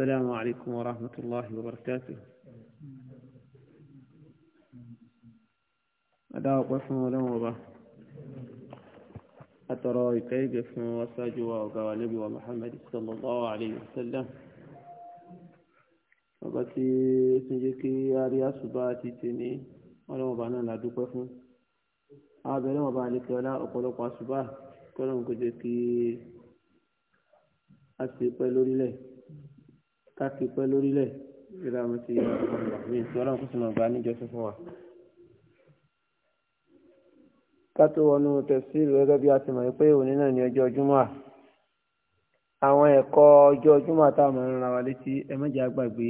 السلام عليكم ورحمة الله وبركاته أدعو قسم ولم وبا أترى كيف اسم وساجوا وقوانبي ومحمد صلى الله عليه وسلم ọba tí tún jẹ́ kí arí àṣùbá ti ti ní ọlọ́wọ́n ọba náà ládùúpẹ́ fún abẹ́rẹ́ ọba àlekè ọlá ọ̀pọ̀lọpọ̀ àṣùbá kọ́lọ́n kò jẹ́ kí a ṣe pẹ́ lórílẹ̀ káàkiri pẹ́ lórílẹ̀ ìrà mi ti yára fún wa mi ìtura ọlọ́run kò sì máa bá níjọsìn fún wa. ká tó wọnú tẹ̀síìlì gẹ́gẹ́ bí a ti mọ̀ pé òní náà ní ọjọ́ júmọ́ à àwọn ẹ̀kọ́ ọjọ́ júmọ́ àtàwọn ọmọ wa létí ẹ má jẹ́ àgbàgbé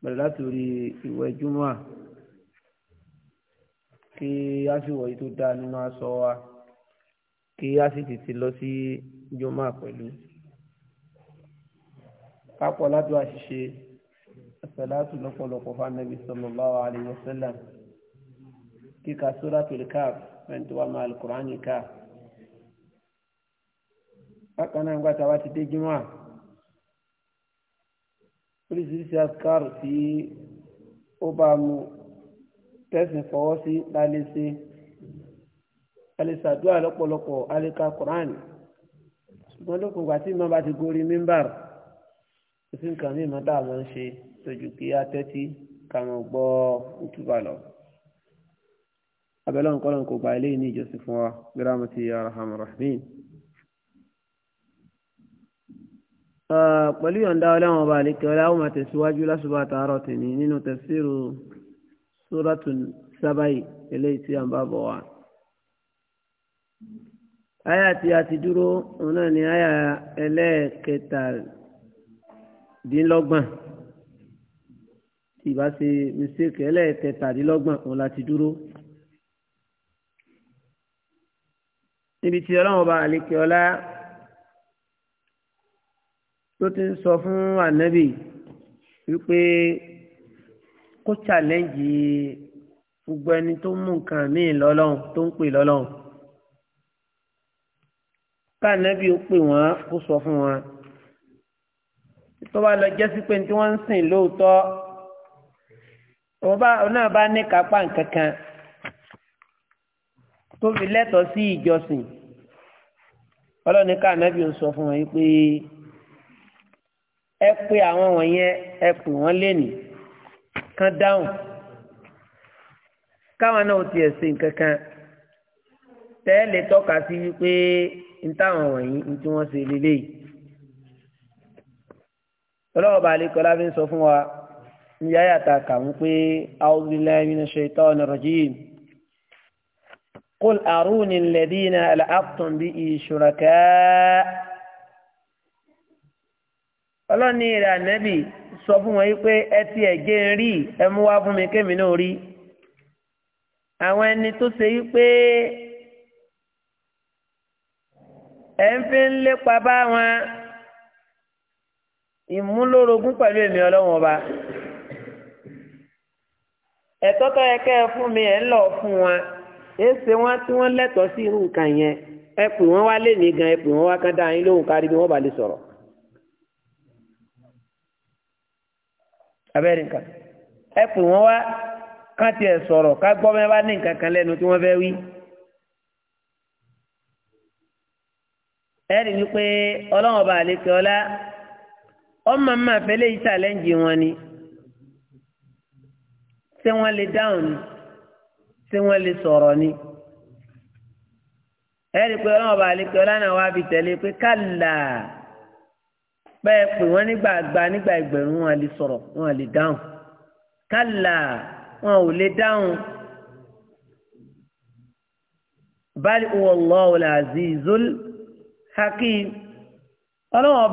bẹ̀rẹ̀ láti orí ìwẹ̀ júmọ́ à kí a sì wọ̀ yìí tó dáa nínú aṣọ wa kí a sì tètè lọ sí júmọ́ à pẹ̀lú kápọ̀ láti wá ṣiṣẹ́ àṣàlátù lọ́pọ̀lọpọ̀ fánàbí sallallahu alaihi wasallam kíka suratul Kahf ẹni tó wà máa alukur'ani ká bákan náà gbàtà wá ti dé jùmọ̀ oríṣiríṣi àṣkárù tí ó bá mu tẹ̀sìn fọwọ́ sí lálẹ́ sí alẹ́sàdúrà lọ́pọ̀lọpọ̀ alẹ́ka kùránì ṣùgbọ́n lókun ìgbà tí ìmọ̀ ti gorí mímbàrù sí nǹkan mímọ́ tá a máa ń ṣe tójú kí á tẹ́tí ká máa gbọ́ ìtúbà lọ. abẹ́lẹ́ nǹkan lọ́nkọ́ gba ilé ní ìjọsìn fún wa gírámù ti araham rahmin. pẹ̀lú yọ̀ǹda ọlọ́run ọba àlekè ọlá ó máa tẹ̀síwájú lásùbà tààrọ̀ tèmi nínú tẹ̀síìrù sóràtù sábàyì eléyìí tí à ń bá bọ̀ wá. aya tí a ti dúró òun náà ni aya ẹlẹ́ẹ̀kẹtàlá dínlọ́gbọ̀n tí ìbá ṣe mistake ẹlẹ́ẹ̀kẹtàdínlọ́gbọ̀n òun láti dúró. níbi tí ọlọ́run ọba àlékè ọlá tó ti ń sọ fún ànábì wípé kó challenge gbogbo ẹni tó mú nǹkan míì lọ́lọ́run tó ń pè lọ́lọ́run káànábì ó pè wọ́n kó sọ fún wọn tó bá lọ jẹ́ sí pé tí wọ́n ń sìn lóòótọ́ òun náà bá ní kápá nǹkankan tó fi lẹ́tọ̀ọ́ sí ìjọsìn ọlọ́ni ká ànábì ń sọ fún wọn pé ẹ pé àwọn wọ̀nyẹn ẹ pè wọ́n lénìí kán dáhùn káwọn náà tiẹ̀ sìn kankan tẹ́lẹ̀ tọ́ka sí wípé ń táwọn wọ̀nyí ń tí wọ́n ṣe lélẹ́yìí ọlọ́wọ́ bá alẹ́ kọlá fi ń sọ fún wa ní yáyà ta kà ń pé a'udhu billahi minash shaitani rajim qul aruni alladhina alhaqtum bihi shuraka ọlọ́ni rẹ̀ ànẹ́bì sọ fún wọn pé ẹ ti ẹ̀jẹ̀ e rí ẹ mú wá fún mi kémi náà rí àwọn ẹni tó ṣe wípé ẹ ń fi ń lépa bá wọn ìmúlórogún pẹ̀lú èmi ọlọ́wọ́n ọba ẹ̀tọ́ tó yẹ kẹ́ ẹ fún mi ẹ̀ ń lọ fún wọn ẹ ṣe wọn tí wọ́n lẹ́tọ̀ọ́ sí irú nǹkan yẹn ẹ pè wọ́n wá lé mi gan ẹ pè wọ́n wá kán dá yín lóhùn kárí bí wọ́n bá lè sọ̀rọ̀. abẹ́rẹ́ nǹkan ẹ pè wọ́n wá kán tiẹ̀ sọ̀rọ̀ ká gbọ́ mẹ́ bá ní nǹkan kan lẹ́nu tí wọ́n fẹ́ wí. ẹ rí i pé ọlọ́wọ́n ọba àlekè ọlá ọmọ máa fẹ́ lè ṣàlẹ́ǹjì wọn ni ṣé wọ́n lè dáhùn ni ṣé wọ́n lè sọ̀rọ̀ ni ẹ̀rí pé ọlọ́run bá lè pé ọlọ́run wá bi tẹ̀lé pé kálà bẹ́ẹ̀ pé wọ́n nígbà gba nígbà ẹgbẹ̀rún wọn lè sọ̀rọ̀ wọn lè dáhùn kálà wọn ò lè dáhùn bal huwa Allahu al-azizul hakim ọlọ́run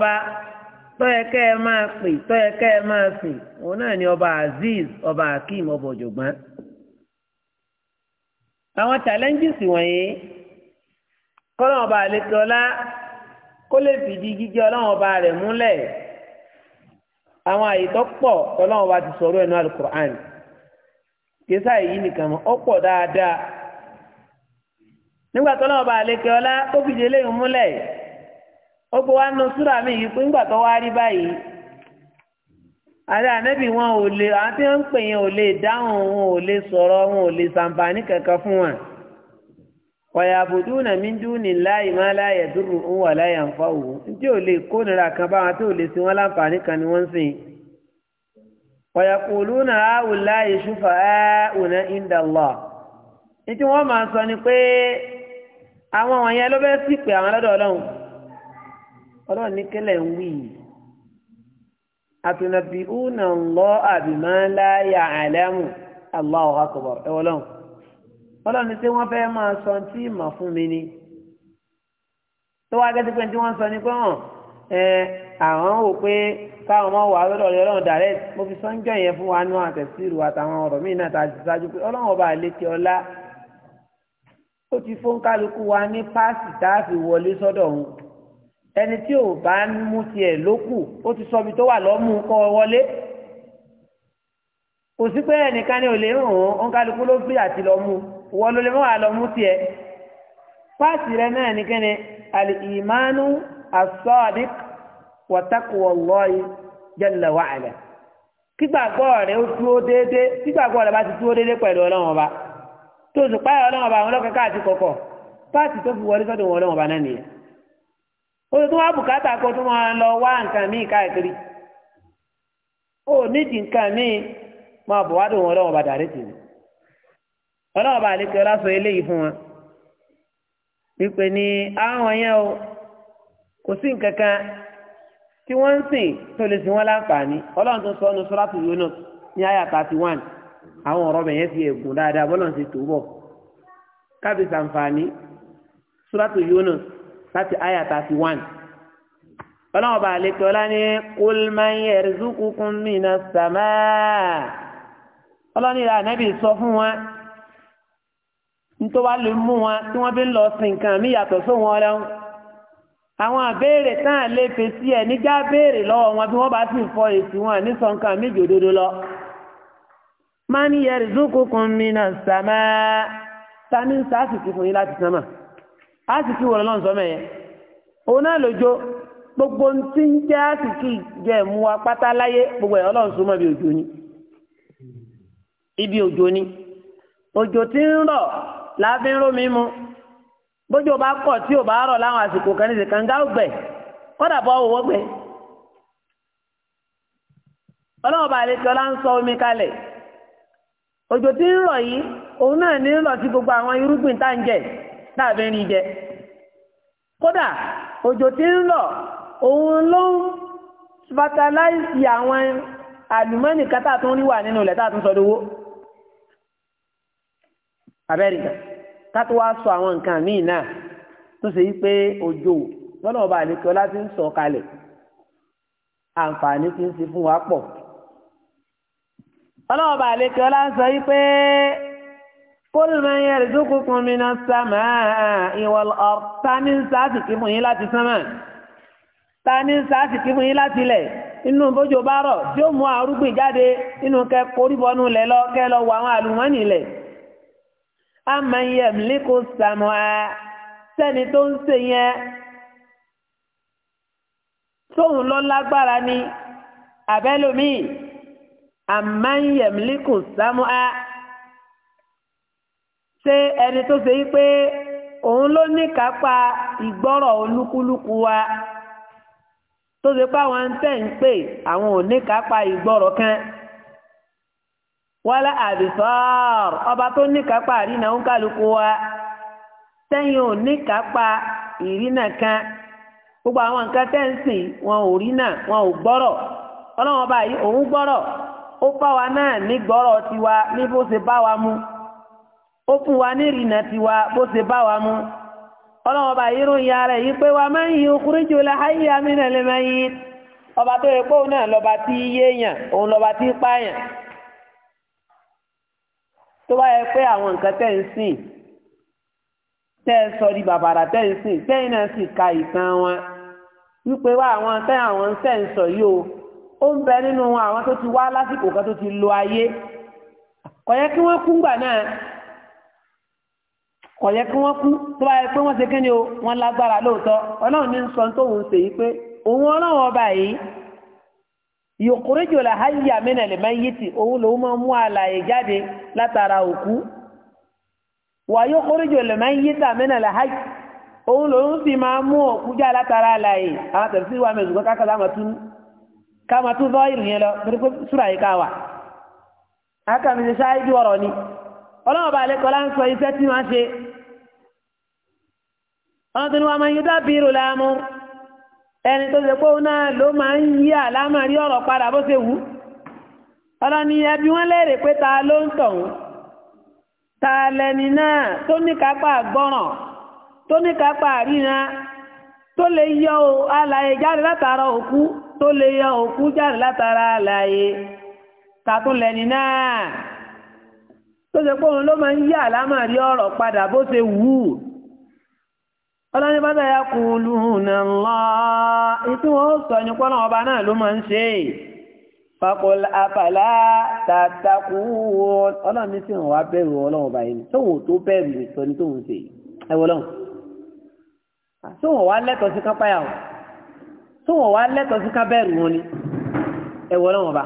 tọ́yẹ̀kẹ́ ẹ máa pè tọ́yẹ̀kẹ́ ẹ máa fì òun náà ni ọba azeez ọba hakeem ọba òjògbọ́n. àwọn challenges wọ̀nyí kọ́lọ́n ọba àlejò ọlá kó lè fìdí jíjẹ́ ọlọ́run ọba rẹ̀ múlẹ̀ àwọn àyè tó pọ̀ ọlọ́run ọba ti sọ̀rọ̀ ẹ̀nu alukur'an kìsà èyí nìkan mọ́ ọ pọ̀ dáadáa nígbà tọ́lọ́run ọba àlejò ọlá fìdí eléyìí múlẹ̀ ó gbọ́ wá nu súrà mi yìí pé ńgbà tó wá rí báyìí àti ànábì wọn ò lè àwọn tí wọn ń pè ò lè dáhùn wọn ò lè sọ̀rọ̀ wọn ò lè sàǹfààní kankan fún wọn. wàyàbùdú na níláyìí má láyà dúró ń wà láyà ń fa òwò tí ò lè nira kan báwọn tí ò lè sin wọn láǹfààní kan ni wọn ń sìn. ní tí wọ́n máa sọ ni pé àwọn wọ̀nyẹn ló ọlọ́run ní kílẹ̀ ń wí àtúnàbí una Allah bima la ya'lamu Allahu akbar ẹ wọlọ́run ọlọ́run ní tí wọ́n fẹ́ máa sọ tí mà fún mi ni tó wá gẹ́gẹ́ tí wọ́n sọ ni pé hàn ẹ àwọn wò pé káwọn máa wà lọ́dọ̀ rẹ ọlọ́run direct mo fi sọ́njọ́ yẹn fún wa nú àtẹ̀síìrù àtàwọn ọ̀rọ̀ míì náà tá ṣáájú pé ọlọ́run ọba àlékè ọlá ó ti fún wa ní páàsì tá a fi wọlé sọ́dọ̀ òun ẹni tí ò bá ń mú tiẹ̀ lókù ó ti sọ ibi tó wà lọ́mú kọ́ wọlé kò sí pé ẹnìkan ni ò lè rùn ún kálukú ló fi àti lọ́mú wọ́n ló lè mọ́ wà lọ́mú tiẹ̀ páàsì rẹ náà nìkẹ́ni al-imanu as-sadiq wa taqwa Allahi jalla wa kígbàgbọ́ rẹ ó dúró déédéé kígbàgbọ́ rẹ bá ti dúró déédéé pẹ̀lú ọlọ́run ọba tó sì páyà ọlọ́run àwọn ọlọ́kẹ́kẹ́ àti kọ̀kọ̀ páàsì tó fi wọlé sọ́dọ̀ wọn ọlọ́run ọba náà nìyẹn ó tó wá bùkátà kó tó máa lọ wá nǹkan míì káàkiri ó nídìí nǹkan míì máa bọ̀ wá dùn wọn lọ́wọ́ bàdà rẹ̀ tìǹbù ọlọ́wọ́ bá àlekè ọlá sọ eléyìí fún wọn wípé ní àwọn yẹn o kò sí nǹkan kan tí wọ́n ń sìn tó lè sìn wọ́n láǹfààní ọlọ́run tó sọ ọ́ nu sọ́ràtù yónà ní àyà thirty one àwọn ọ̀rọ̀ bẹ̀yẹn fi ẹ̀gùn dáadáa bọ́lọ̀ ń ṣe tó bọ̀ kábíyèsí àǹfààní sọ́ràtù yónà láti àyà thirty one ọlọ́run ọba àlekè ọlá ní kul man yarzuqukum minas samaa ọlọ́run ìlà ànábì sọ fún wọn nítorí wàá lè mú wọn tí wọ́n bí ń lọ sí nǹkan mi yàtọ̀ sóhun ọlọ́run àwọn àbéèrè tán lè fèsì ẹ̀ níjà béèrè lọ́wọ́ wọn bí wọ́n bá sì fọ èsì wọn ní sọ nǹkan méjì òdodo lọ. man yarzuqukum minas samaa ta ni sáà sì ti fún yín láti sánmà. àsìkí wọ̀rọ̀ lọ́nà sọ́mọ̀ yẹn òun náà lójó gbogbo tí ń jẹ́ àsìkí jẹ́ mú wa pátá láyé gbogbo ẹ̀ ọlọ́run ibi òjò ni ibi òjò ni òjò tí ń rọ̀ láfi ń mu bójú ò bá tí ò bá rọ̀ láwọn àsìkò kan ní ìsìnkànga kọ́dà omi kalẹ̀ òjò tí ń rọ̀ yìí òun náà gbogbo àwọn irúgbìn tá ń jẹ láàbẹ̀ rìn jẹ kódà òjò tí ń lọ òun ló ń fatalaisi àwọn àlùmọ́nì kátà tó ń rí wà nínú ilẹ̀ tá a tún sọdọ̀ kátó wá sọ àwọn nǹkan míì náà tó ṣe wípé òjò ti ń sọ kalẹ̀ àǹfààní ti ń fún wa pọ̀ ọlọ́ọ̀bà àlekẹ́ ọlá ń sọ wípé. kul man yarzuqukum minas samaa'i wal ard tani ń sáàsì kí fún yín láti sánmà tani ń sáàsì kí fún yín láti ilẹ̀ inú bójú bá rọ̀ tí ó mú arúgbìn jáde inú kẹ koríbọnú lẹ̀ lọ kẹ lọ wọ àwọn àlùmọ́nì ilẹ̀ amman yamliku samaa'a sẹ́ni tó ń ṣe yẹn tóun lọ lágbára ni abẹ́lómi amman yamliku samaa'a ṣé ẹni tó ṣe yí pé òun ló ní kápá ìgbọ́rọ̀ olúkúlùkù wa tó ṣe pé àwọn tẹ̀ ń pè àwọn ò ní kápá ìgbọ́rọ̀ kan wálá àbìsọ́ọ̀r ọba tó ní kápá àrínà ń kálukú wa tẹ́yìn ò ní kápá ìrínà kan gbogbo àwọn nǹkan tẹ́ ń sìn wọn ò rínà wọn ò gbọ́rọ̀ ọlọ́wọ́n báyìí òun gbọ́rọ̀ ó bá wa náà ní gbọ́rọ̀ tiwa ní bó ṣe bá wa mu ó fún wa ní ìrìnà tiwa bó ṣe bá wa mú ọlọ́run ọba yìí ròyìn ara yìí pé wa máa ń yí okùnrin la hayya min al-mayyit ọba tó yẹ pé òun náà lọ́ba tí yéèyàn òun lọ́ba tí pààyàn tó bá yẹ pé àwọn nǹkan tẹ̀ ń sìn tẹ́ ẹ sọ di bàbàrà tẹ́ ẹ sìn tẹ́yìn náà sì ka ìtàn wọn wípé wá àwọn tẹ́ àwọn tẹ́ ń sọ yìí o ó ń bẹ nínú àwọn tó ti wá lásìkò kan tó ti lo ayé kò kí wọ́n kúngbà náà kọ̀yẹ́ kí wọ́n kú tó bá yẹ pé wọ́n ṣe kí o wọ́n lágbára lóòótọ́ ọlọ́run ní sọ tóun ṣe yìí pé òun ọlọ́run ọba yìí yòkúrẹ́jọ là háyà máa yí ti òun lòun máa mú àlàyé jáde látara òkú wà ọlọ́run bá lẹ́kọ̀ọ́ lá ń sọ iṣẹ́ tí wọ́n ṣe ọ̀nà tó ní wọ́n máa ń yí dábìrù láàmú ẹni tó ṣe pé òun náà ló máa ń yí àlámàrí ọ̀rọ̀ padà bó ṣe wù ú ọlọ́ni ẹbí wọ́n léèrè pé ta ló ń tọ̀hún ta lẹni náà tó ní kápá gbọ́ràn tó ní kápá ríran tó lè yọ alàyè jáde látara òkú tó lè yọ òkú jáde látara alàyè ta tún lẹni náà tó ṣe pé òun ló máa ń yí àlámàrí ọ̀rọ̀ padà bó ṣe wù ú ọlọ́ni bá dáyà kù lùhùn lọ́ ìtí wọn ó sọ ní pọ́nà ọba náà ló máa ń ṣe fakol afala tataku ọlọ́ni tí wọn wá bẹ̀rù ọlọ́run ọba yìí tó wọn tó bẹ̀rù ìtọ́ ní tó ń ṣe ẹ wọlọ́run tó wọn wá lẹ́tọ̀ọ́ sí kápáyà wọn tó wọn wá lẹ́tọ̀ọ́ sí kábẹ́rù wọn ni ẹ wọlọ́run ọba.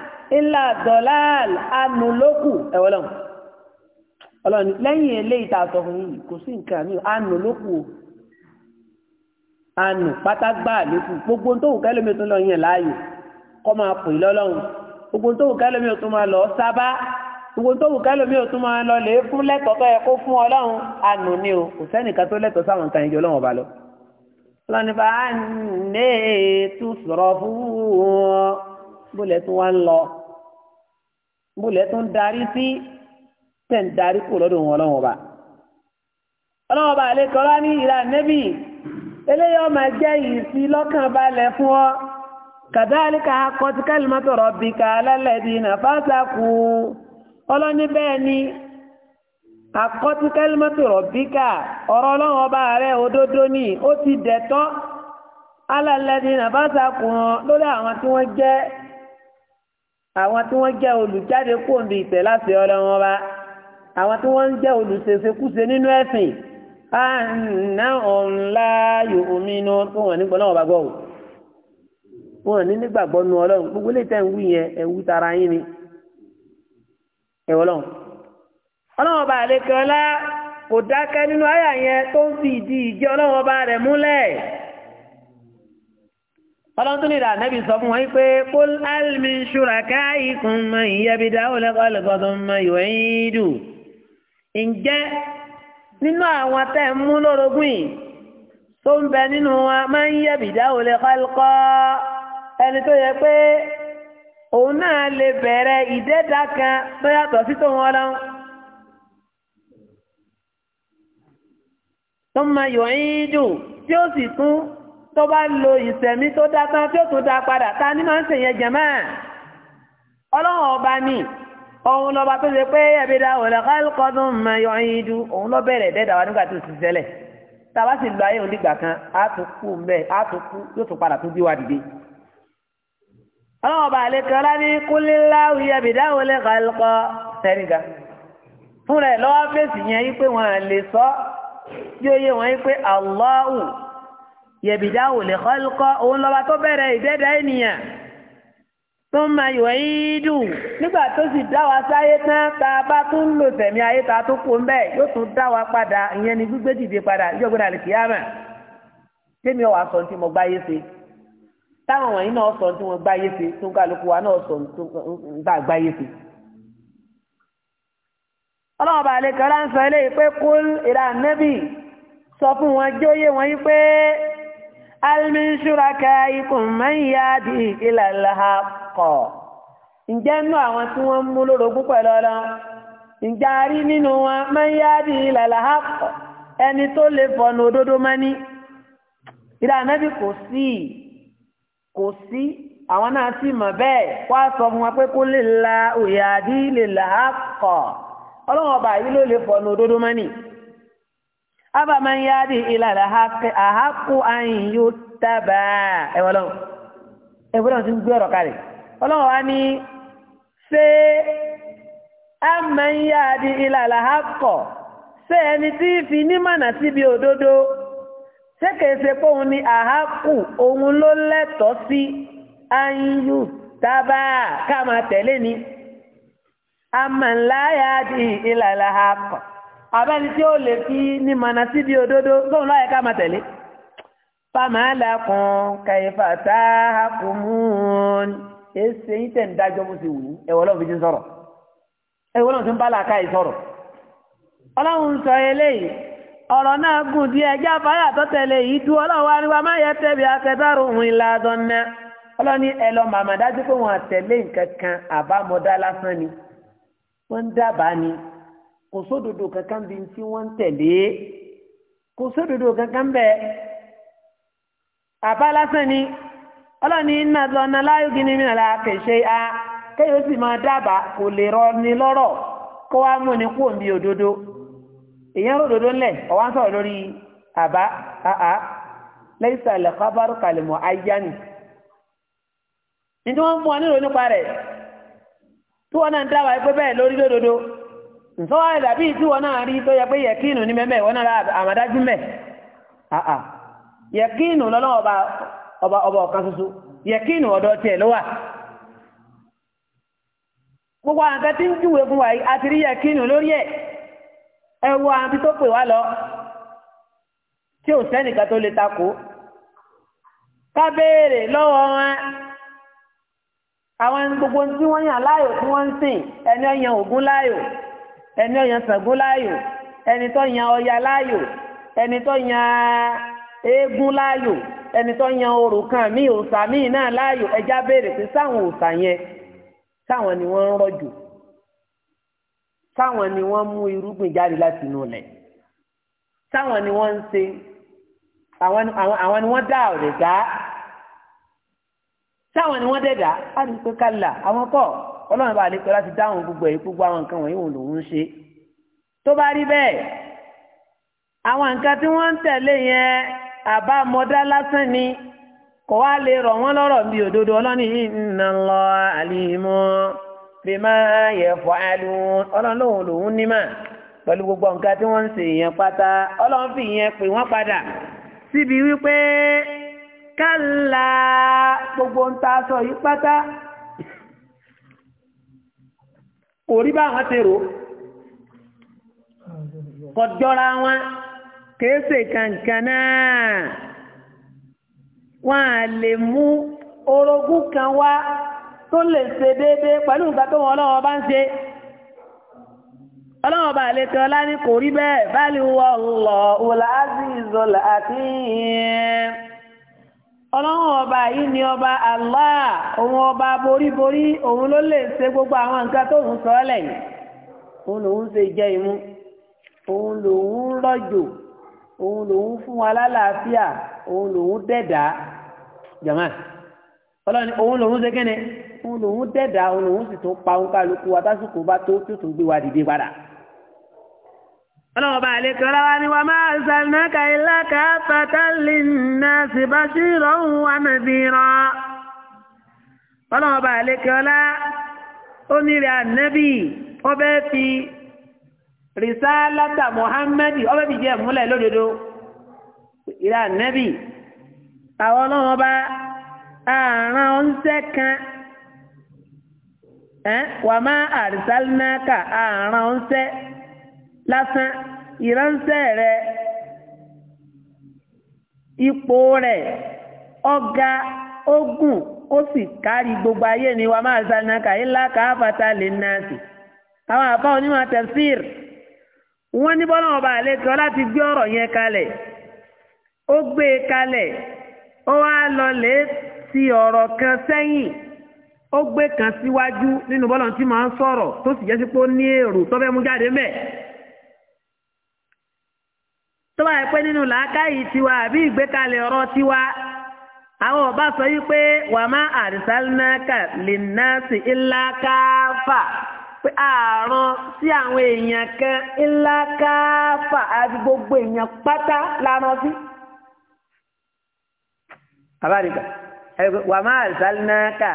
ńlá dọ̀láàlì anù lókù ẹ̀wọ́ lọ́wọ́ ọlọ́run lẹ́yìn eléyìí tá a sọ fún yìí kò sí nǹkan mi anù lókù o anù pátágbá lókù gbogbo tó wù kẹ́lómi tó lọ yẹn láàyò kọ́ máa pè lọ́lọ́run gbogbo tó wù kẹ́lómi máa lọ sábà gbogbo tó wù máa lọ lè fún lẹ́tọ̀ọ́ tó yẹ kó fún ọlọ́run anù ni o kò sẹ́nìkan tó lẹ́tọ̀ọ́ sáwọn nǹkan ìjọ ọlọ́run ọba lọ. ọlọ́run bá a ní sọ̀rọ̀ fún wọn bó lẹ́tún wá ń lọ múlẹ̀ tó ń darí sí tẹ̀ ń darí kù lọ́dọ̀ wọn ọlọ́wọ́n ọba ọlọ́wọ́n ọba àlekọ́lá ní ìlà nẹ́bì eléyìí ọmọ jẹ́ ìfi lọ́kàn balẹ̀ fún ọ kàdáàlíkà akọ́tí kálímọ́tò rọ̀bìkà alálẹ́bí nà fásakù ọlọ́ni bẹ́ẹ̀ ni akọ́tí kálímọ́tò rọ̀bìkà ọ̀rọ̀ ọlọ́run ọba rẹ̀ òdodo ni ó ti dẹ̀tọ́ alálẹ́bí nà fásakù lórí àwọn tí wọ́n jẹ́ àwọn tí wọ́n jẹ́ olùjáde kóńdù ìtẹ̀ láti ọlọ́wọ́n bá àwọn tí wọ́n ń jẹ́ olùṣèṣekúṣe nínú ẹ̀sìn àná ọ̀nlá yòómínú tó wọ́n nígbà náà bá gbọ́ o wọ́n ní nígbàgbọ́ nu ọlọ́run gbogbo lè tẹ̀ ń wí yẹn ẹ̀wú tara yín ni ẹ̀wọ́ lọ́run ọlọ́run ọba àlekọ́lá kò dákẹ́ nínú àyà yẹn tó ń fi ìdí ìjẹ́ ọlọ́run ọba rẹ̀ múlẹ̀ ọlọ́run tó lè rà nẹ́bí sọ fún wọn pé kul hal min shurakaikum man yabda'u al-khalqa thumma yu'idu ǹjẹ́ nínú àwọn tẹ́ ń mú lórogún yìí tó ń bẹ nínú wọn man yabda'u al-khalqa ẹni tó yẹ pé òun náà lè bẹ̀rẹ̀ ìdẹ́ta kan tó yàtọ̀ sí tòun ọlọ́run. thumma yu'idu tí ó sì tún tó bá lo ìsẹ̀mí tó dá tán tí ó tún dá padà ta ni máa ń sèyẹn jẹ̀mọ́ ọlọ́run ọba ni òun lọ́ba tó ṣe pé ẹ̀bí dá òun lọ́kọ́ ẹ̀kọ́dún mọ yọ̀yìn idú òun lọ bẹ̀rẹ̀ dẹ́dà wa nígbà tó ti ṣẹlẹ̀ tàbá sì lo ayé òun dìgbà kan á tún kú mbẹ́ á tún kú yóò tún padà tún bí wa dìde. ọlọ́run ọba àlekẹ́ ọlá ní kúlíláwù ẹ̀bí dá òun lọ́kọ́ ẹ̀kọ́ sẹ́ríga fúnra ẹ̀ lọ́wọ́ fèsì yẹn yí pé wọ́n lè sọ yóò yé wọn yí pé Allahu yẹ̀bìdá ò lè kọ́ lọ́kọ́ òun lọ́ba tó bẹ̀rẹ̀ ìdẹ́dà ènìyàn tó máa yọ̀ ídù nígbà tó sì dá wa sáyé tán tá a bá tún lò tẹ̀mí ayé ta tó kó ń bẹ́ẹ̀ yóò tún dá wa padà ìyẹn ni gbígbé dìde padà ìjọba àlè kìyàmà tẹ́mi ọ̀wà sọ tí mo gbá yé ṣe táwọn wọ̀nyí náà sọ tí wọ́n gbá yé ṣe tó kálukú wa náà sọ tó ń gbà gbá yé ṣe. ọlọ́run bàálẹ̀ kan láǹfà eléyìí pé kúl ìlànà nẹ́bì sọ fún wọn jóyè wọn yí pé hal min shurakaikum man yahdi ila al-haqq ǹjẹ́ nínú àwọn tí wọ́n mú lórogún pẹ̀lú Ọlọ́run ǹjẹ́ a rí nínú wọn man yahdi ila al-haqq ẹni tó lè fọ̀nà òdodo mání ìdánábì kò sí kò sí àwọn náà sì mọ̀ bẹ́ẹ̀ wá sọ fún wọn pé kó lè la òyàdí lè là á ọba yìí ló lè fọ̀nà òdodo mání. aba man yáàdì ilà àhákù ayin yóò dábàá ẹ wọlọ́n ẹ wọlọ́n ti wa ama ń yáàdì ilà àhákọ̀ ṣé ẹni tí fi nímọ̀nà síbi bi ododo kìí ṣe ni kama tele ni la abẹ́ni tí ó lè fi ní mọ̀nà síbi òdodo lóun láyé ká máa tẹ̀lé fàmàlàkùn kàìfàtà kùmùún èsì yìí tẹ̀ ń dájọ́ bó ti wù ú ẹ̀wọ̀n lọ́wọ́ fi ti sọ̀rọ̀ ẹ̀wọ̀n lọ́wọ́ ti ń bá làákà yìí sọ̀rọ̀ ọlọ́run sọ eléyìí ọ̀rọ̀ náà gùn díẹ̀ ẹjẹ́ àfáyà tó tẹ̀lé yìí tú ọlọ́wọ́ aríwá má yẹ tẹ̀bi akẹ́tàrú òun ìlà àdánná ọlọ́ni ẹ lọ màmá dájú pé wọn àtẹ̀lé nǹkan kan àbámọ̀dá lásán ni wọ́n ń dábàá ni kò sódodo kankan bíi tí wọ́n ń tẹ̀lé kò sódodo kankan bẹ́ẹ̀ àbá lásán ni ọlọ́ni iná lọ́nà láyógi ní mìíràn láàfẹ́ ṣe á kéyìí sì máa dábàá kò lè rọ ni lọ́rọ̀ kó wá mú ni kúrò bí òdodo èèyàn rò òdodo ńlẹ̀ ọ̀wá ń sọ̀rọ̀ lórí àbá àá lẹ́yìn sàlẹ̀ kábàrú kàlẹ̀mọ̀ ayáni nítorí wọ́n mú ọ nílò nípa rẹ̀ tí wọ́n náà dábàá pé bẹ́ẹ̀ lórí lódodo. nsọ́wọ́ rẹ̀ dàbí tí wọ́n rí tó yẹ pé yẹ̀kínù ní mẹmẹ wọ́n náà àmàdájú mẹ́ ọba ọba ọ̀kan ṣoṣo yẹ̀kínù ọdọ tiẹ̀ gbogbo àwọn akẹ́tí ń júwe fún wa yìí a ti rí lórí ẹ wo àwọn tí tó pè wá lọ tí sẹ́nìkan tó wọ́n yàn láàyò tí wọ́n ń sìn ẹni ọ̀yàn ògún ẹni ọ̀yàn Ṣàngó láàyò ẹni tó yan Ọya láàyò ẹni tó yan eégún láàyò ẹni tó yan òrùkan míì òòṣà míì náà láàyò ẹja béèrè pé sáwọn òòṣà yẹn sáwọn ni wọn ń rọ̀jò sáwọn ni wọn mú irúgbìn jáde láti inú ilẹ̀ sáwọn ni ń ọlọ́run bá lè pẹ́ láti dáhùn gbogbo èyí gbogbo àwọn nǹkan wọ̀nyí òun lòún ṣe tó bá rí bẹ́ẹ̀ àwọn nǹkan tí wọ́n ń tẹ̀lé yẹn àbámọ̀dá lásán ni kò wá lè rọ̀ wọ́n lọ́rọ̀ bí òdodo ọlọ́ni yìí inna Allah alimọ́ bima yaf'alun ọlọ́run lòun lòun nímọ̀ pẹ̀lú gbogbo nǹkan tí wọ́n ń ṣe yẹn pátá ọlọ́run fi yẹn pè wọ́n padà síbi wípé kálá gbogbo ń ta sọ yìí pátá kò rí bá wọn ti rò kọjọ́ra wọn kéésè kankan náà wọn à lè mú orogún kan wá tó lè ṣe déédéé pẹ̀lú nǹkan tó wọn ọlọ́wọ́ bá ń ṣe ọlọ́wọ́ bá lè tọ́ ní kò rí bẹ́ẹ̀ báyìí wọ́n lọ ọ̀la azizul hakim. ọlọ́run ọba yìí ni ọba Allah òun ọba boríborí òun ló lè ṣe gbogbo àwọn nǹkan tó ń sọ ọ́lẹ̀ yìí òun lòun ṣe jẹ imú òun lòun rọ̀jò òun lòun fún wa lálàáfíà òun lòun dẹ̀dá jàmá ọlọ́run òun lòun ṣe kẹ́ni òun lòun dẹ̀dá òun lòun sì tún pa òun kálukú wa tásìkò bá tó tó tún gbé wa dìde padà ọlọ́wọ́ bá lè kí ọlọ́wọ́ ni wà máa sàlmẹ́ka ìlàkà pàtàlì náà sì bá ṣírọ̀ ń wà nàbí rán ọlọ́wọ́ bá lè kí ọlá ó nílẹ̀ ànábì ó bẹ́ fi rìsálátà Muhammadi ó bẹ́ fi jẹ́ múlẹ̀ lódodo ìlẹ̀ ànábì àwọn ọlọ́wọ́ bá oúnjẹ kan wà máa àrìsálínàkà àrán oúnjẹ kan lásán ìránṣẹ́ rẹ ipò rẹ ọ̀gá ogun ó sì kárí gbogbo ayé ni wàá máa sanaka ńlá káfàtà lè nàásì àwọn àbá onímọ̀ tafsir wọ́n ní bọ́lá ọba àlejò láti gbé ọ̀rọ̀ yẹn kalẹ̀ ó gbé e kalẹ̀ ó wá lọ lè ti ọ̀rọ̀ kan sẹ́yìn ó gbé kan síwájú nínú bọ́lá tí máa sọ̀rọ̀ tó sì jẹ́ sí pé ó ní èrò tó fẹ́ mú jáde mẹ́ẹ̀ tó bá yẹ pé nínú làákàyè tiwa àbí ìgbékalẹ̀ ọ̀rọ̀ tiwa àwọn ọba sọ yìí pé wà má àrísálínákà lè ná sí ńlá káfà pé ààrùn sí àwọn èèyàn kan ńlá káfà àti gbogbo èèyàn pátá láràn sí. àbáríkà wà má àrísálínákà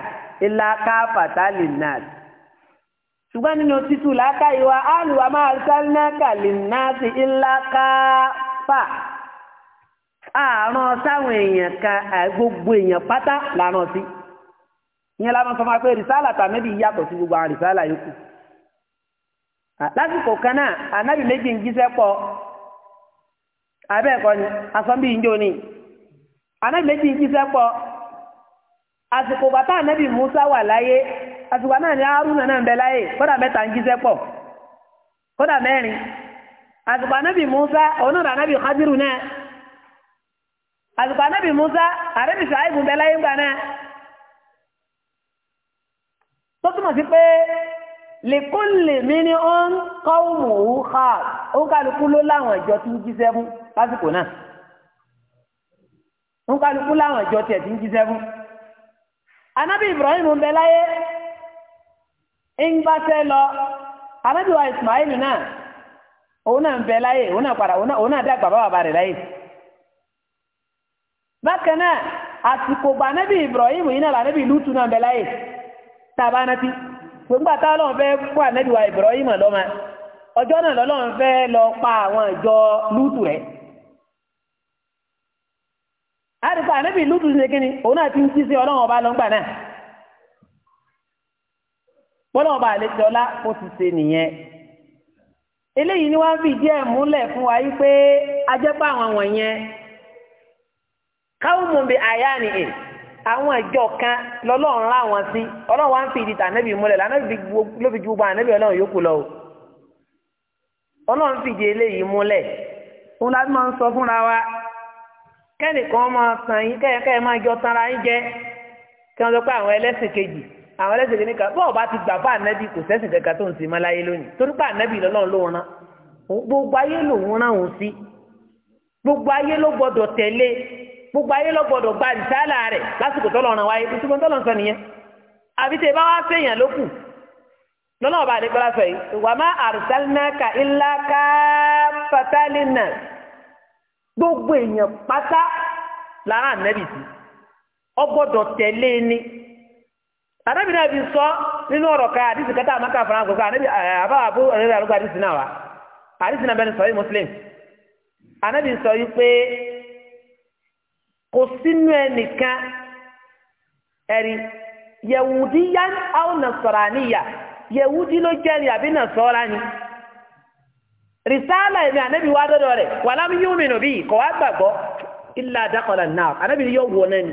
ńlá káfà tá lè ná sí ṣùgbọ́n nínú títù làákàyè wa àlùwà má àrísálínákà lè ná sí ńlá káfà fà àrùn sáwọn èèyàn kan gbogbo èèyàn pátá làrùn sí ìyẹn la máa sọ máa pé rìsálà tànẹ́bì yàtọ̀ sí gbogbo àwọn rìsálà yòókù lásìkò kan náà ànábì méjì ń jíṣẹ́ pọ̀ abẹ́ẹ̀kọ́ ni asọ́nbí ń jó ni ànábì méjì ń jíṣẹ́ pọ̀ àsìkò bàtà ànábì Musa wà láyé àsìkò náà ni Haruna náà ń bẹ láyé kódà mẹ́ta ń jíṣẹ́ pọ̀ kódà mẹ́rin àsìkò anábì Musa òun náà anábì Khadiru náà àsìkò anábì Musa àrẹ́bì sàáìbù bẹ́ẹ̀ láyé gbà náà tó túmọ̀ sí pé lèkólè mi ni ó ń kọ́ òmù òun ká òun kálukú ló láwọn ìjọ tí ń jíṣẹ́ fún lásìkò náà òun láwọn ìjọ tiẹ̀ tí ń jíṣẹ́ fún anábì Ibrahim ń bẹ láyé ń gbàṣẹ lọ anábì wa Ismail náà. òun náà ń bẹ láyé òun náà padà òun náà dàgbà bá bàbá rẹ̀ bákan náà àsìkò Ibrahim yìí náà lànàbì Lútù náà ń bẹ láyé tàbá rántí gbogbo Ibrahim lọ́mọ ọjọ́ náà lọ́lọ́run lọ pa àwọn ìjọ àdìpọ̀ lùtù ṣe kí ni òun náà ti ń ọlọ́run ọba lọ́ngbà náà ọba àlejò ọlá eléyìí ni wá ń fìdí ẹ̀ múlẹ̀ fún wa yí pé ajẹ́pọ̀ àwọn wọ̀nyẹn káwùmù bíi àyà nìyí àwọn ìjọ kan lọ́lọ́run rán wọn sí ọlọ́run wá ń fìdí tànẹ́bì múlẹ̀ lànàbì ló fi ju gbogbo ànẹ́bì ọlọ́run yòókù lọ o ọlọ́run fìdí eléyìí múlẹ̀ òun láti máa ń sọ fúnra wa kẹ́nìkan máa tàn yín kẹ́yẹ́kẹ́ máa jọ tanra yín jẹ kí wọ́n sọ pé àwọn ẹlẹ́sìn kejì àwọn ẹlẹ́sìn kìíní kan bọ́ọ̀ bá ti gbà fún ànábì kò sẹ́sìn kankan tó ń sìn mọ́ láyé lónìí torí pé ànábì lọ́lọ́run ló rán gbogbo ayé lòun rán òun sí gbogbo ayé ló gbọdọ̀ tẹ̀lé gbogbo ayé ló gbọdọ̀ gba ìsáàlà rẹ̀ lásìkò tọ́lọ̀ ràn wáyé tó túbọ̀ tọ́lọ̀ sọ nìyẹn àbí tẹ bá wá séèyàn ló kù lọ́nà ọba àdékọ́lá sọ yìí wà má arsalnaka illa kaffatan linnas gbogbo èèyàn pátá lára ànábì sí ó gbọdọ̀ ni anabi náà fi sọ nínú ọ̀rọ̀ ká àdìsí kẹta àmàkà fúnra kọkọ anabi àbá àbú ọ̀rẹ́ rẹ̀ àlùkò àdìsí náà wa àdìsí náà bẹ́ẹ̀ ni sọ yìí muslim anabi sọ yìí pé kò sínú ẹnìkan ẹ̀rí yẹwùdí yá àwọn nàṣọ̀rọ̀ àníyà yẹwùdí ló jẹ́ ni àbí nàṣọ̀rọ̀ ni rìsáàlà ẹ̀mí anabi wá dọ́dọ̀ rẹ̀ wàlámù yóò mìíràn bíi kọ̀ wá gbàgbọ́ ilà àdàkọ̀lá náà anabi yóò wọ náà ni.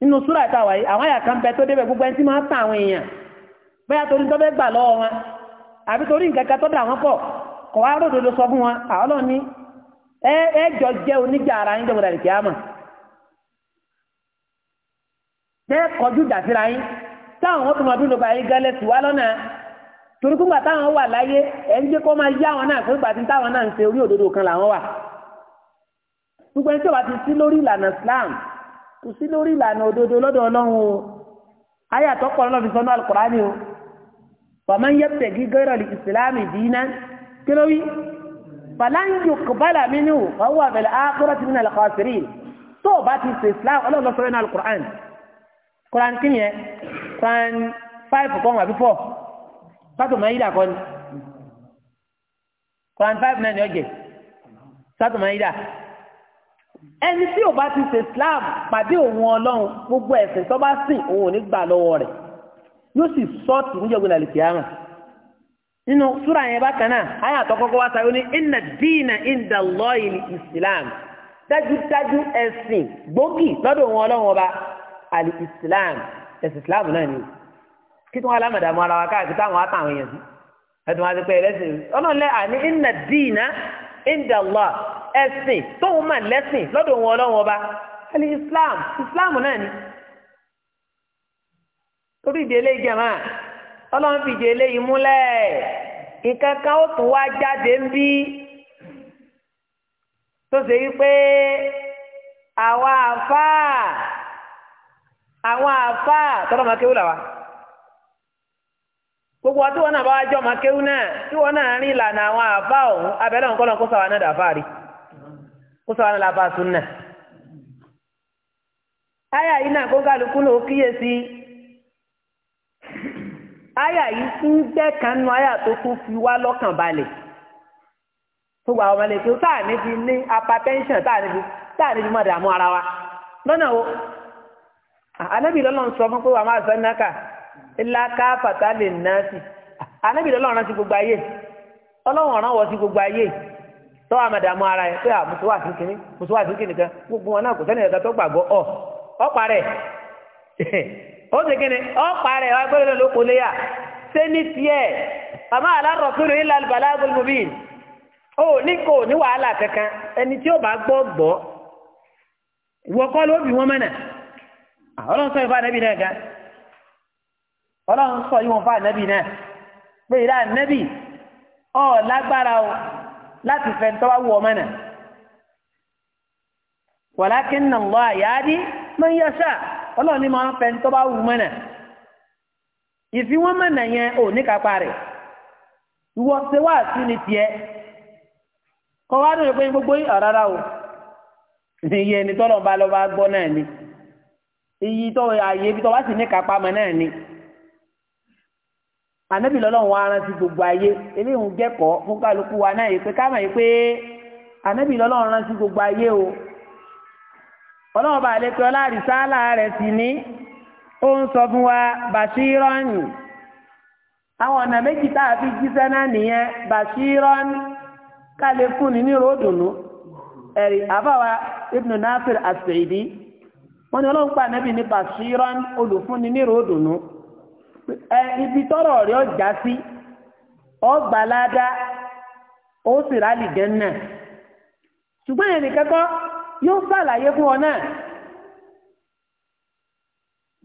nínú súrà ìtawà yìí àwọn àyà kan bẹ tó débẹ̀ gbogbo ẹni tí máa ń tàn àwọn èèyàn bóyá torí tó fẹ́ gbà lọ́wọ́ wọn àbí torí nǹkan kan tó dà wọ́n pọ̀ kọ̀ wá ròdòdó sọ fún wọn àwọn náà ní ẹ jọ jẹ́ oníjà ara yín jọ̀wọ́ dàrí kíámà jẹ́ kọjú dà síra yín táwọn tó dúró gẹ́lẹ́ sí wa lọ́nà torí kúgbà táwọn wà láyé ẹ̀ ń jẹ́ kó máa yá wọn náà fún ìgbà tí táwọn náà ń orí òdodo kan làwọn wà gbogbo ẹni tí wàá kò sí lórí ìlànà òdodo lọ́dọ̀ ọlọ́run o ayé àtọ́pọ̀ ọlọ́run fi sọ́nà alukurani o wàmọ́ yẹ tẹ̀ gígẹ́rọ̀ ìsìlámù dínà kí ló wí fàlàǹjù kùbálà mínú ọwọ́ àbẹ̀lẹ̀ ákúrọ̀ ti nínú àlùkọ́sírì tó o bá ti sè islam ọlọ́run lọ́sọ̀rọ̀ nínú alukuran kuran kí ni yẹn ẹni tí ò bá ti ṣe Islam pàdé òun gbogbo ẹ̀sìn tó bá sìn òun ò ní gbà lọ́wọ́ rẹ̀ yóò sì sọ́ọ̀tì níjọ́gbìn àlùkì àmà nínú súra yẹn bákan náà wá sáré ní dina inda Allahi Islam dájúdájú ẹ̀sìn gbòógì lọ́dọ̀ òun ọlọ́run ọba àlì Islam ẹ̀sìn Islam náà ni kí tí wọ́n ara wa káàkiri táwọn ẹ̀sìn tóun mà lẹ́sìn lọ́dọ̀ wọn ọlọ́wọ́n ọba ẹni islam islam náà ni torí ìdí eléyìí jẹ̀mọ́ ọlọ́run fi ìdí eléyìí múlẹ̀ nǹkan kan ó tún wá jáde ń bí tó ṣe wípé àwọn àfáà àwọn àfáà tọ́lọ́ gbogbo ọtí wọn náà bá wá jọ máa kéwú náà tí wọn náà rìn ìlànà àwọn àfáà ọ̀hún abẹ́lẹ́ òun kọ́ lọ́n kó sọ àwọn làbá súnà. àyà yìí náà kó kálukú náà ó kíyè sí àyà yìí ń jẹ́ kanú àyà tó tún fi wá lọ́kàn balẹ̀ gbogbo àwọn ọmọlẹ́kẹ́ tá à ní fi ní apatẹ́ńṣàn tá à ní fi tá à ní fi mọ̀ dààmú ara wa lọ́nà wo anabi lọ́lọ́run sọ fún pé wàá máa sọ́nà kà ńlá ká fàtà lè ná sí anabi lọ́lọ́run rántí gbogbo ayé ọlọ́run rán wọ́n sí gbogbo ayé tọ́wọ́ àmàdàmú ara ẹ̀ pé àmùsùwà sí kìíní mùsùwà sí kìíní kan gbogbo wọn náà kò sẹ́ni ẹ̀ka tó gbàgbọ́ ọ ọ̀pá rẹ̀ ó sì kìíní ọ̀pá rẹ̀ ọ̀pẹ́ lọ́dọ̀ ló kó léyà ṣé ní tiẹ̀ àmọ́ alárọ̀ fún ìlú alùbálá gbólóbì ó ní kò ní wàhálà kankan ẹni tí ó bá gbọ́ gbọ́ ìwọ kọ́ ló bí wọn mẹ́nà ọlọ́run sọ ìfọ̀ ànábì náà ga ọlọ́run sọ láti fẹ́ tọ́ bá wù ọmọ náà walakinna Allah yahdi man yasha ọlọ́run ní máa ń fẹ́ tọ́ bá wù ọmọ náà ìfi wọn mọ̀nà yẹn ò ní kápá rẹ̀ ìwọ ṣe wá sí ni tiẹ̀ kọ́ wá lóye pé gbogbo yìí o iye ẹni tọ́lọ̀ bá lọ́ bá gbọ́ náà ni iyì tọ́ àyè ibi tọ́ wá sí ní kápá mọ́ náà ni ànábì lọ́lọ́run wa rántí gbogbo ayé eléyìí ń jẹ́kọ̀ọ́ fún kálukú wa náà yìí pé ká mọ̀ yìí pé ànábì lọ́lọ́run rántí gbogbo ayé o ọlọ́run bá lè pe ọláàrí sáálà rẹ̀ sì ní ó ń sọ fún wa bàṣírọ́ọ̀nì àwọn ọ̀nà méjì tá a fi jíṣẹ́ náà nìyẹn bàṣírọ́ọ̀nì ká ni ní ròdùnú ẹ̀rí àbáwa ibn Nasir as-Sa'idi wọ́n ní ọlọ́run pa ànábì ní bàṣírọ́ọ̀nì olùfúnni ní ròdùnú ẹ ibi tọrọ rẹ ọjà sí ọgbà ládá ó sì rálì gẹ́nà ṣùgbọ́n ẹnì kẹ́kọ́ yóò ṣàlàyé fún ọ náà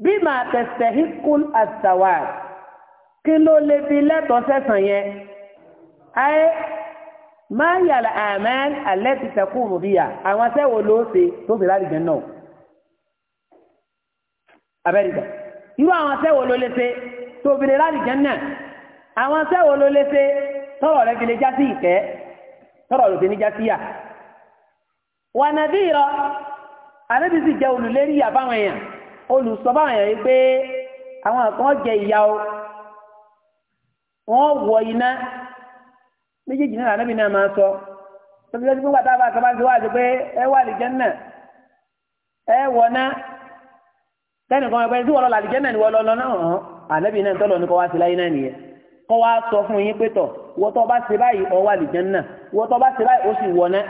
bí màá tẹ̀sẹ̀ hikul àtàwà kí ló lè fi lẹ́tọ̀ọ́ sẹ́sàn yẹn ayé máa yàrá àmẹ́n alẹ́ ti sẹ́kùn rúbíyà àwọn sẹ́wọ̀ ló ṣe tó sì rálì gẹ́nà abẹ́rẹ́ ìgbà irú àwọn sẹ́wọ̀ ló léṣe tó obìnrin láti jẹ́nà àwọn sẹ́wọ̀ ló léṣe tọ́rọ̀ rẹ̀ fi lè já sí ìkẹ́ tọ́rọ̀ rẹ̀ fi ní já sí yà. wà á nàbí irọ́ àdébí sì jẹ́ olùlérí ìyà fáwọn èèyàn olùsọ fáwọn èèyàn pé àwọn kan jẹ ìyà o wọ́n wọ iná méjèèjì náà àdébí náà máa sọ tọ́jú lọ́sí fún pàtàkì àbá àkàbá ti wá àti pé ẹ wà lè jẹ́nà ẹ wọ̀ náà tẹ́nì kan ẹgbẹ́ tí wọ́n lọ làlìjẹ́ náà ni wọ́n lọ lọ náà hàn ànábì náà tọ́lọ̀ ní kọ́ wá sí láyé náà nìyẹn kọ́ wá sọ fún yín pé tọ̀ wọ́n tọ́ bá ṣe báyìí ọ wà náà wọ́n tọ́ bá ṣe báyìí ó sì wọ̀ náà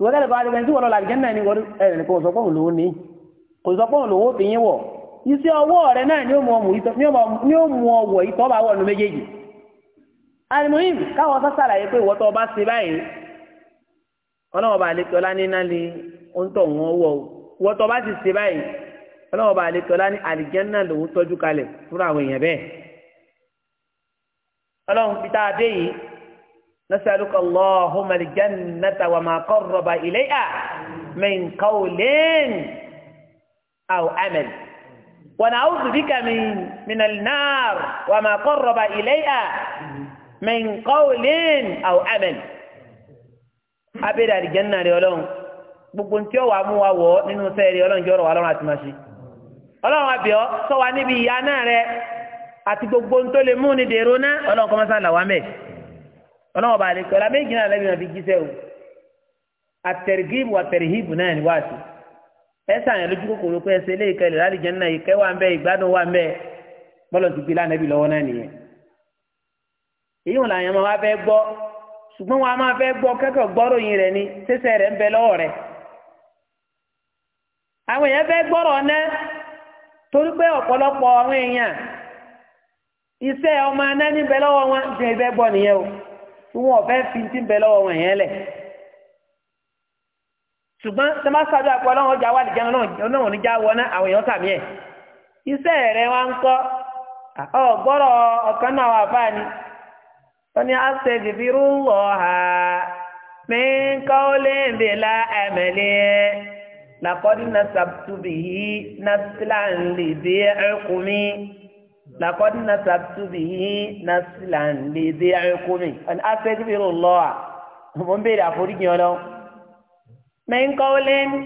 wọ́n tẹ́lẹ̀ kan ẹgbẹ́ tí wọ́n lọ làlìjẹ́ náà ni wọ́n ẹ̀rìn kò sọ pé òun ní kò sọ pé òun fi yín wọ̀ iṣẹ́ ọwọ́ rẹ̀ náà ni ó mú ọwọ́ ìtọ́ bá wọ̀ nù méjèèjì alimoyim káwọn sásàlàyé pé ìwọ́tọ̀ ọba ṣe báyìí ọlọ́wọ́ bá lè pẹ́ ọlá nínú lé ó ń tọ̀ wọ́n wọ̀ ìwọ́tọ̀ ọba sì ṣe ọlọ́wọ́ bá àlejò ọlá ní àlìjẹ́nà lòún tọ́jú kalẹ̀ fúnra àwọn èèyàn bẹ́ẹ̀. ọlọ́run fi tá a dé yìí nasaluka allahumma aljannata wa ma qarraba ilayha min qawlin aw amal wa na'udhu bika min min an-nar wa ma qarraba ilayha min qawlin aw amal abẹ́rẹ́ àlìjẹ́nà rẹ̀ ọlọ́run gbogbo ntí ọ̀wà mú nínú sẹ́ẹ̀rì ọlọ́run jọ̀rọ̀ wa lọ́rùn àti màṣí. ọlọ́run àbíọ́ sọ wa níbi ìyá náà rẹ àti gbogbo ń lè mú ni dèrò náà ọlọ́run kọ́ làwọn mẹ́ ọlọ́run ọba la méjì náà lẹ́bi fi jíṣẹ́ o àtẹ̀rìgìbù àtẹ̀rìhìbù náà ni wá sí ẹ sàyàn lójú kòkòrò pé ẹsẹ ilé ìkẹlẹ láti jẹ náà ìkẹ wà ìgbádùn wà ń bọlọ ti gbé lánàá bí náà nìyẹn èyí wọn làyàn máa a máa ni sẹsẹ rẹ ń bẹ rẹ àwọn èèyàn torí pé ọ̀pọ̀lọpọ̀ àwọn èèyàn iṣẹ́ ọmọ aná níbẹ̀ lọ́wọ́ wọn o tí ọ̀fẹ́ fi ti ń bẹ lọ́wọ́ wọn yẹn lẹ̀ ṣùgbọ́n tí àpò ọlọ́run ọjà ná àwọn èèyàn ẹ̀ iṣẹ́ rẹ̀ wá ń kọ́ ọ̀kan náà lakọ́dí nasabtubihi nasilanlede ẹ̀kúnmi lakọ́dí nasabtubihi nasilanlede ẹ̀kúnmi ọ̀nà asẹ́gbẹ̀rẹ̀ lọ́wọ́ mo ń béèrè àforíjì ọlọ́wọ́ mẹ́ńkọ́lẹ́ni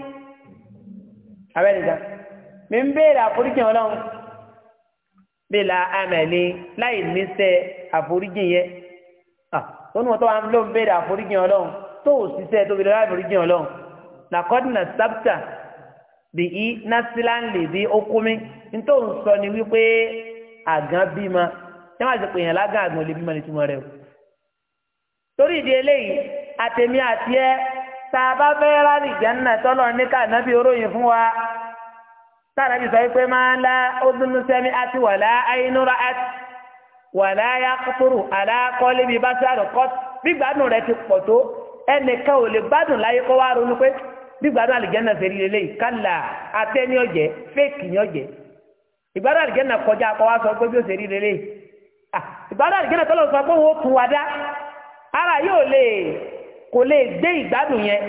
abẹ́rẹ́dá mi ń béèrè àforíjì ọlọ́wọ́ bíla amẹ̀lẹ́ láì níṣẹ́ àforíjì yẹ ah, tó ní wọn tó wà ń lò ń béèrè àforíjì ọlọ́wọ́ tó ò ṣiṣẹ́ tóbi lọ́wọ́ àforíjì ọlọ́wọ́ làkọ́dínà sábtà bìí násìláńlì bí okumi nítorí sọ ni wípé àgán bímọ ṣé wàá ti pè yàn lágàn àgbọn lè bímọ nítumọ̀ rẹ o torí ìdí eléyìí àtẹ̀mí àti ẹ tá a bá fẹ́ rárá ìjánná tọ́lọ̀ ní káànábì oróyìn fún wa sáàrà bí sọ wípé máa ń la ó sẹ́mi àti wàlá àyínúra àti wàlá ayákútúrù aláàkọ́lé bíi bá sáré kọ́ bí rẹ ti pọ̀ tó ẹnìkan ò lè gbádùn láyé kó wá ronú pé gbígbádùn àlìjẹ́nà ṣe rí lélẹ́yìí kálá ní ọ̀jẹ́ fẹ́ẹ̀kì ní ọ̀jẹ́ ìgbádùn àlìjẹ́nà kọjá akọ wa sọ pé bí ó ṣe rí ìgbádùn ah, àlìjẹ́nà tọ́lọ̀ sọ pé ara yóò lè kò lè gbé ìgbádùn yẹn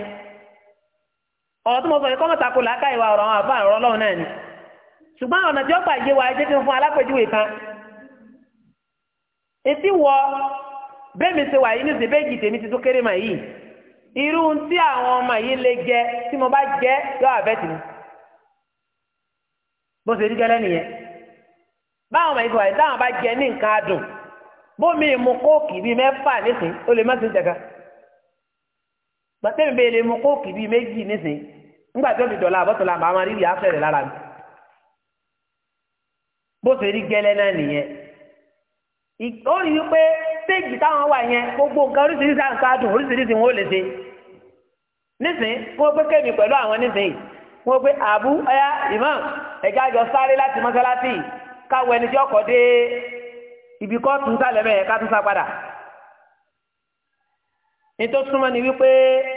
ọ̀rọ̀ tó mọ sọ yẹn kọ́mọ̀tà kò láká ìwà ọ̀rọ̀ àwọn àfáà ọ̀rọ̀ náà ni ṣùgbọ́n ọ̀nà tí ó gbà yé wa n fún alápèjúwe kan etí wọ bẹ́ẹ̀ mi ṣe wà yìí ní bẹ́ẹ̀ jì tèmi ti tó irú tí àwọn ọmọ yìí lè jẹ tí mo bá jẹ yọ àfẹ́tì mi bó ṣe rí gẹ́lẹ́ nìyẹn báwọn ọmọ yìí bọ̀ ẹ̀ táwọn bá jẹ ní nǹkan adùn bómi mu kóòkì bíi mẹ́fà nísìn ó lè má sí jẹ̀ka gbàtẹ́mi bẹ́ẹ̀ lè mu kóòkì bíi méjì nísìn ńgbà tó fi dọ̀la àbọ̀tọ̀la àbá máa rírì áfẹ́rẹ̀ lára mi bó ṣe rí gẹ́lẹ́ ó rí i pé séèjì táwọn wà yẹn gbogbo nǹkan oríṣiríṣi àǹkádùn oríṣiríṣi wọn ò lè ṣe nísìn wọ́n pé kémi pẹ̀lú àwọn nísìn wọ́n pé àbú ọ̀yá imam ẹ̀já jọ sáré láti mọ́sálásì káwọ ẹni tí ọkọ̀ dé ibi kọ́ tún sálẹ̀ mẹ́ẹ̀ ká tún sá padà nítorí súnmọ́ ni wípé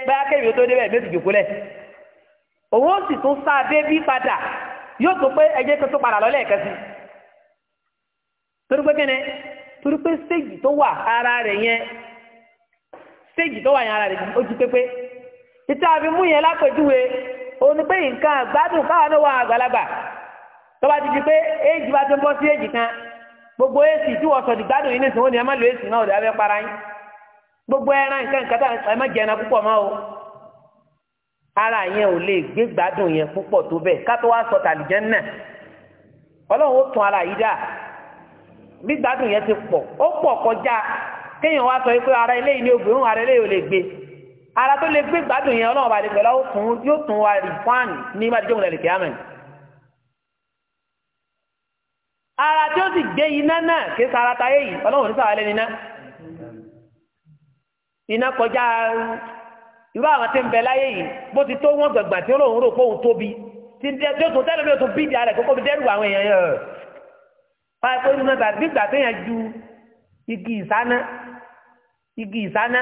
báyà kémi tó débẹ̀ méjì jòkó lẹ̀ òun ó sì tún sá débí padà yóò tó pé ẹjẹ́ tó tún padà lọ́lẹ̀ kẹsì torí pé kẹ́ni torí pé stéèjì tó wà ara rẹ̀ yẹn stéèjì tó wà yẹn ara rẹ̀ ó ti pépé títí àfi mú yẹn lápèjúwe òun pé nǹkan àgbádùn káwọn náà wà àgbàlagbà tó bá ti di pé éèjì bá ti ń bọ́ sí éèjì kan gbogbo èsì tí wọ́n sọ di gbádùn yìí nísìnyí wọ́n ní ẹ má lo èsì náà ọ̀dọ̀ abẹ́ para yín gbogbo ẹran nǹkan nǹkan tá ẹ má jẹ ẹran púpọ̀ mọ́ o ara yẹn ò lè gbé gbádùn yẹn púpọ̀ tó bẹ́ẹ̀ ká wá sọ tàlìjẹ́ náà ọlọ́run ó tún ara yìí dà bí gbádùn yẹn ti pọ̀ ó pọ̀ kọjá kéèyàn wá sọ pé ara eléyìí ni obìnrin ara eléyìí ò lè gbé ara tó lè gbé gbádùn yẹn ọlọ́run bá lè pẹ̀lú àwọn tún yóò tún wa rí fáàn ní ìbádìjọ́ òun lẹ́lẹ̀kẹ́ àmì ara tí ó sì gbé iná náà kí sara táyé yìí ọlọ́run ní sàwálẹ̀ níná iná kọjá irú àwọn tí ń bẹ láyé yìí bó ti tó wọn gbàgbà tí olóhùn rò pé òun tóbi tí ń tẹ́ tó tẹ́lẹ̀ mi ò tún bí ìdí alẹ̀ kókó mi dẹ́rù àwọn èèyàn yẹn báyìí pé nígbà tó yẹn ju igi ìsáná igi ìsáná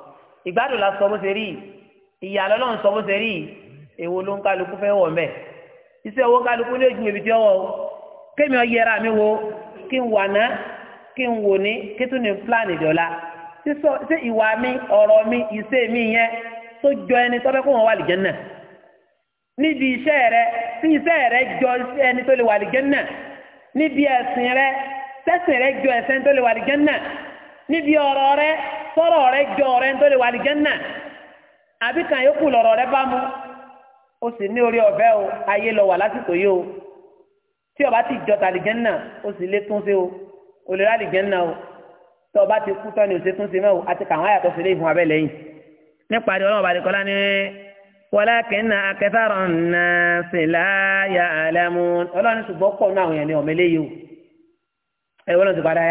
ìgbádùn la sọ bó ṣe rí ìyà lọ́lọ́run sọ bó ṣe rí èwo ló ń kálukú fẹ́ wọ̀ mẹ́ iṣẹ́ owó kálukú lè ju èbìtì ọwọ́ kémi ọ yẹra mi wo kí n wà ná kí n wò ní kí tún ní plan ìdọ̀la ṣé ìwà mi ọ̀rọ̀ mi ìṣe mi yẹn tó jọ ẹni tọ́fẹ́ kó wọn wà lìjẹ́ náà níbi iṣẹ́ rẹ tí iṣẹ́ rẹ jọ ẹni tó lè wà lìjẹ́ náà níbi ẹ̀sìn rẹ tẹ́sìn rẹ jọ ẹ̀sìn tó lè wà lìjẹ́ náà níbi ọ̀rọ̀ rẹ sọ̀rọ̀ rẹ jọ rẹ ń tó lè wà àlìjẹ́nà àbí kan yókù lọ̀rọ̀ rẹ bá mu o sì ní orí ọ̀fẹ́ o ayé lọ wà lásìkò yìí o tí o ti jọ tàlìjẹ́nà o sì lé túnṣe o o lè rà àlìjẹ́nà o tí o bá ti kú tán ni o ṣe túnṣe mọ́ o àti kàwọn àyàtọ̀ sílé ìfún abẹ́ lẹ́yìn nípa àdìọ́ náà balẹ̀ kọ́lá ni walakin akẹ́tàrọ̀ náà sì láyà àlẹ́mú ọlọ́run ṣùgbọ́n pọ̀ náà o ẹ̀wọ́n lọ́n ti padà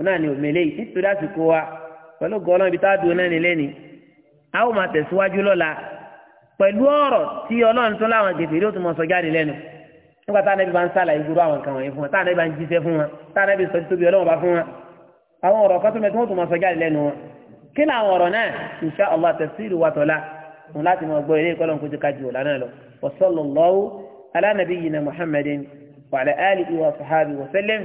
òun náà ni òmìnira yìí nítorí àsìkò wa pẹ̀lú gọ́ọ̀lọ́ ibi tá a dùn náà nílé ni a ó máa tẹ̀síwájú lọ́la pẹ̀lú ọ̀rọ̀ tí ọlọ́run tó láwọn gèfèrè ó tún mọ sọ jáde lẹ́nu nígbà táwọn ẹbí bá ń sàlàyé gbúrú àwọn nǹkan wọ̀nyí fún wọn táwọn ẹbí bá ń jíṣẹ́ fún wọn táwọn ẹbí sọ títóbi ọlọ́run bá fún wọn àwọn ọ̀rọ̀ kan tó wọ́n tún mọ sọ jáde lẹ́nu wọn kí ni àwọn ọ̀rọ̀ náà insha allah tafsir wa tọ́lá fún láti mọ gbọ́ ilé ìkọlọ́n kojú kájú ọ̀la náà lọ wa sallallahu ala nabiyyina muhammadin wa ala alihi wa sahabihi